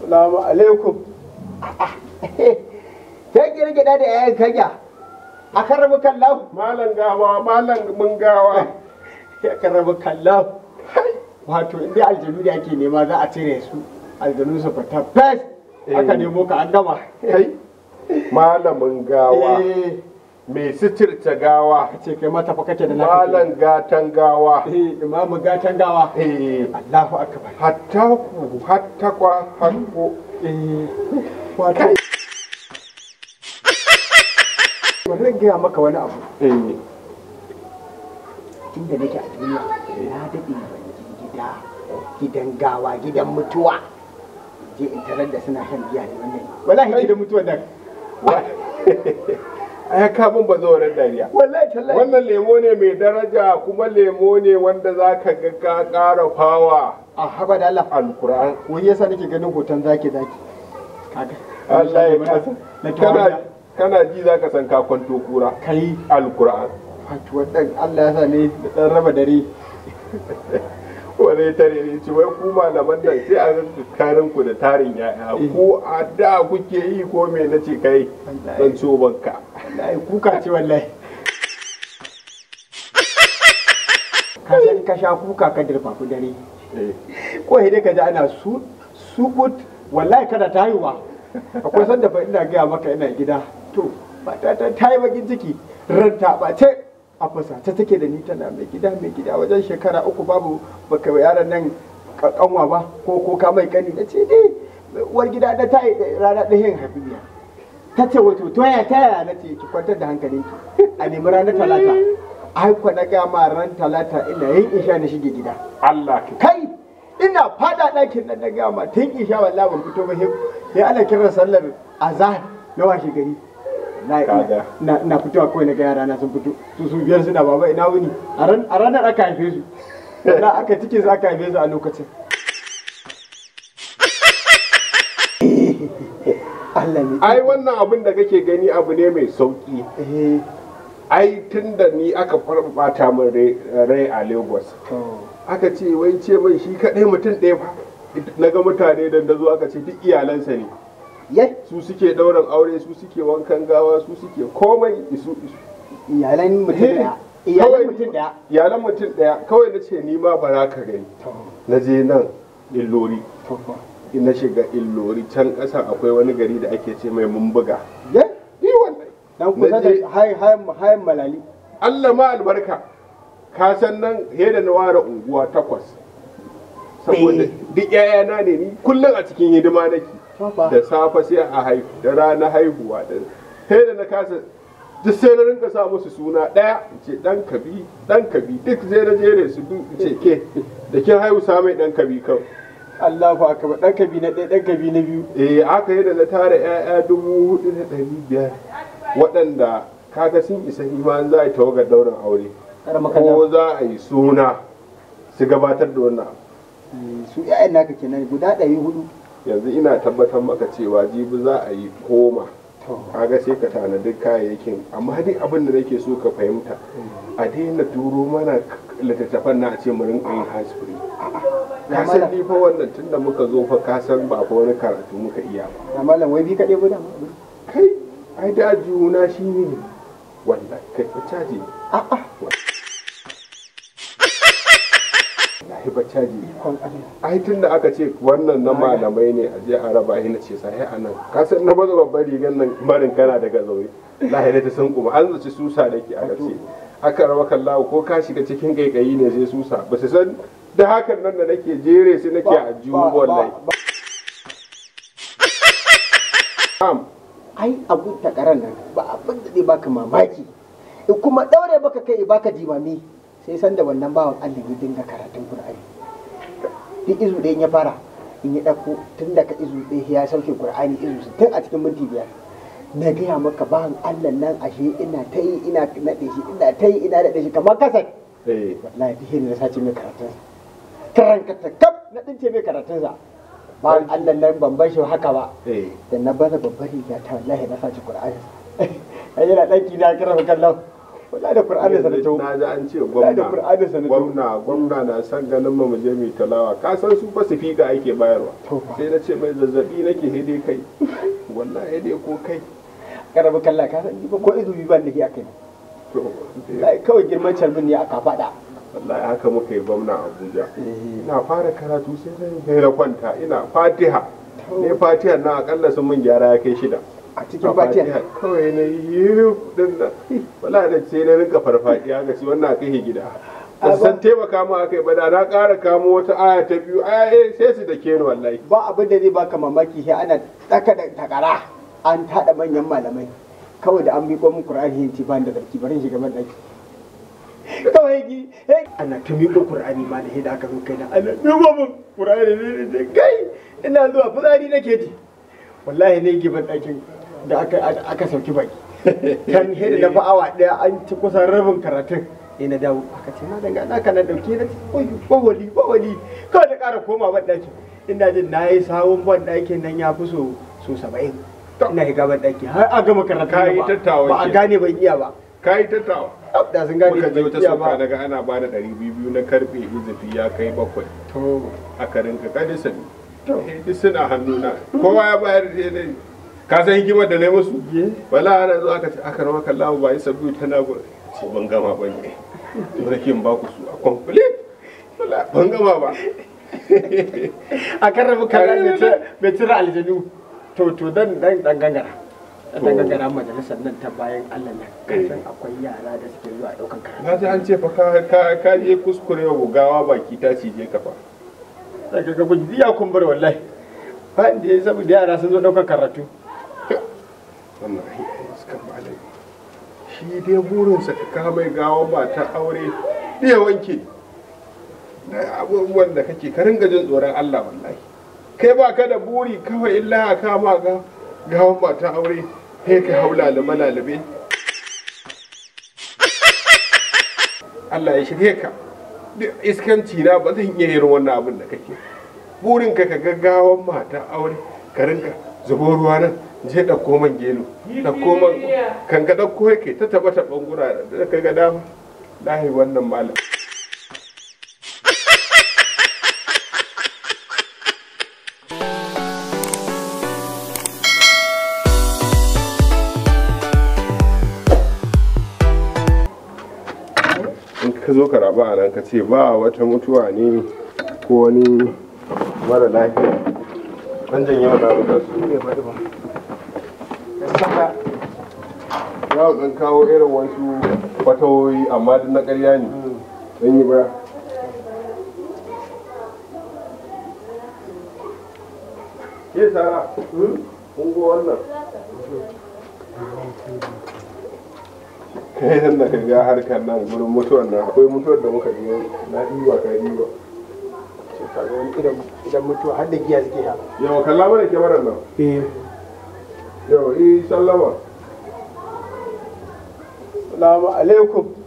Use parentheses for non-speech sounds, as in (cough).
salamu alaikum ta (laughs) girgida da yayin kanya a karabu kallon Malam gawa malam mun gawa ya (laughs) karabu kallon wato inda aljanu da ake nema za a cire su aljanu su fata fes aka eh. nemo ka an gama kai malamin gawa eh. mai sitirta gawa ce kai mata fa kake da lafiya malan gatan gawa eh imamu gatan gawa eh Allahu akbar hatta ku hatta kwa hanko eh wato wannan gaya maka wani abu eh da nake a duniya na dade gida gidan gawa gidan mutuwa je in tarar da suna shan giya ne wannan wallahi gidan mutuwa da (laughs) ya ka ba ba zauren dariya wannan lemo ne mai daraja kuma lemo ne wanda ka ga ka ƙara fawa a ah, haba da Allah alquran ya yasa nake ganin hoton zaki zaki kaga Allah ya kasa kana ji za ka san ka tokura kura kai alquran fatuwa dan Allah ya sa ne da dan raba dare (laughs) wani tare ne ci wai ku malaman nan sai a rinka karin ku da tarin yaya eh. ko a da kuke yi ko me nace kai Zan so banka kai kuka ce wallahi ka san ka sha kuka ka dirfa ku dare ko dai ka ji ana su sukut wallahi kana ta haihuwa akwai sanda ba ina gaya maka ina gida to ba ta ta yi bakin ciki ranta ba ce a ta take da ni tana mai gida mai gida wajen shekara uku babu baka yaran nan kanwa ba ko ko ka mai kani na ce dai uwar gida da ta yi rana ɗayan habibiya ta ce wato to ya ta yaya na ce ki kwantar da hankalinki a nemi ranar talata ai kwa na gama ran talata ina yin isha na shige gida Allah kai ina fada dakin nan na gama tun isha wallahi ban fito ba sai Allah kiran sallar azan na washe gari na fitowa kawai na ga yara na sun fito su su biyar suna baba ina wuni a ranar aka haife su na aka cike su aka haife su a lokacin ai wannan abin da kake gani abu ne mai sauki eh. ai tun da ni aka bata min rai a lagos aka ce wai ce mai shi kadai mutum ɗaya ba. na ga mutane da zo aka ce duk iyalansa ne su suke ɗaurin aure su suke wankan gawa su suke komai isu isu iyalan mutum eh. ɗaya iyalan mutum ɗaya kawai na ce ni ma bara ka gani na je nan illori na shiga illori can ƙasa akwai wani gari da ake ce mai mumbuga dan kusa da malali Allah ma albarka ka san nan heda na ware unguwa takwas saboda duk yayana ne ni kullum a cikin hidima nake da safe sai a haihu da rana haihuwa da heda na kasa duk sai na rinka sa musu suna ɗaya in ce ɗan kabi ɗan kabi duk zai na jere su duk ke da kin haihu sa mai ɗan kabi kawai Allahu akbar dan kabi na ɗaya dan kabi na biyu eh aka yi da na tara ƴaƴa dubu hudu da ɗari biyar waɗanda kaga sun isa iman za a yi tawagar daurin aure ko za a yi suna su gabatar da wannan eh, su ƴaƴan naka kenan guda ɗari hudu yanzu ina tabbatar maka cewa jibi za a yi koma kaga sai ka tanadi kayayyakin amma dai abin da nake so ka fahimta a daina turo mana littattafan na a ce mu rinka yin school ka san ni fa wannan tunda muka zo fa ka san ba fa wani karatu muka iya ba ya malam wai bi kaɗai ba kai ai da juna shi ne wallahi kai ba caji a'a wallahi ba caji ai tunda aka ce wannan na malamai ne a je a raba na ce sai a nan ka san na bazo babbar rigar nan barin kana daga zaure lahira ta san kuma an zaci susa da ke aka ce aka rawa kallawa ko ka shiga cikin kaikayi ne sai susa ba su san da hakan nan da nake jere sai nake a juhu wallahi ai abun takaran nan ba abin da zai baka mamaki in kuma daure baka kai baka jimami sai san da wannan bawan Allah ya dinga karatun Qur'ani duk izu da ya fara in ya dauko tun daga izu ɗaya ya sauke Qur'ani izu tun a cikin minti biyar na gaya maka ban Allah nan ashe ina ta yi ina naɗe shi ina ta yi ina naɗe shi kamar kasar eh. wallahi ta hini na sace mai karatun karankata kaf na ɗince mai karatun sa ban Allah nan ban bar shi haka ba eh. da na bada babbar riga ta wallahi na sace Qur'ani (laughs) ai yana ɗanki na kira mu kallon Wala da Qur'ani sa na to na ji an ce gwamna gwamna gwamna na san ganin mu je mu talawa ka san su ba su figa ake bayarwa sai na ce mai zazzabi nake hede kai (laughs) wallahi dai ko kai karabu kalla ka san ba ko izu ban da ke akai ne kawai girman carbin ne aka faɗa wallahi haka muka yi gwamna abuja eh. ina fara karatu sai zan yi kwanta ina fatiha ne fatiha na akalla sun mun gyara ya kai shida a cikin fatiha kawai na yi din nan wallahi da sai na rinka farfadiya ga shi wannan kai gida san taimaka mu aka yi bada na ƙara kamo wata aya ta biyu aya sai su da ke wallahi ba abin da zai baka mamaki sai ana tsaka da takara an taɗa manyan malamai kawai da an bi mun ƙura'ani yin ci ban da darki barin shiga ban ɗaki. kawai gi ana ta miƙo ƙura'ani ma da hida aka zo kai na ana miƙo mun ƙura'ani ne kai ina zuwa fitsari ke ji wallahi ne ban ɗakin da aka sauki baki (laughs) kan hida da fa awa ɗaya an ci kusan rabin karatun sai na dawo aka ce ma ga naka na dauke na oyu bawali bawali kawai da ƙara koma ban ɗakin ina jin na yi sawun ban ɗakin nan ya fi so so saba'in ina shiga ban daki har a gama karatu ba ba a gane ban iya ba kai tattawa da sun gane muka je wata suka daga ana ba da ɗari biyu biyu na karfe izifi ya kai bakwai a karin ka kadin sun to eh, duk suna hannuna kowa ya bayar da ne ka san hikimar da nayi musu eh. wala ana zo aka ce aka rawa kallahu ba isa biyu tana go ce ban gama ba ne to nake ba ku su a complete wala ban gama ba a karrabu kallahu bai tira aljanu to to dan dan dan gangara dan gangara majalisar nan ta bayan Allah na kasan eh. akwai yara da suke zuwa daukan karatu na ji an ce fa ka ka ka je kuskure wa gawa baki ta cije ka fa ka ga guji ya kumbura wallahi ba inda ya saboda yara sun zo daukan karatu wannan ai suka malai shi dai burinsa ka mai gawa ba ta aure ɗaya wanke na abubuwan da kake ka ringa jin tsoron Allah wallahi kai ba ka da buri kawai illa a kama ga gawan mata aure he ka hau lalube lalube Allah ya shirye ka iskan cina ba zan iya yin wannan abin da kake burin ka ka gaggawan mata aure ka rinka zubo ruwa nan je ɗauko koman gelo ɗauko koman kan ga ke ta taɓa taɓan gura da ka ga dama lahi wannan malam ka zo karaba a nan ka ce ba wata mutuwa ne ko wani mara lafiya an janye wa damuka su ne ba ba za ku ɗan kawo irin wasu fatawoyi amma duk na ƙarya ne ɗan hmm. yi ba ke sara kun hmm? go wannan kai da ka ga harkar nan gurin mutuwar nan akwai mutuwar da muka na ka kaga wani irin idan mutuwa har da giya suke ha yawa kalla mana nan eh eh sallama alaikum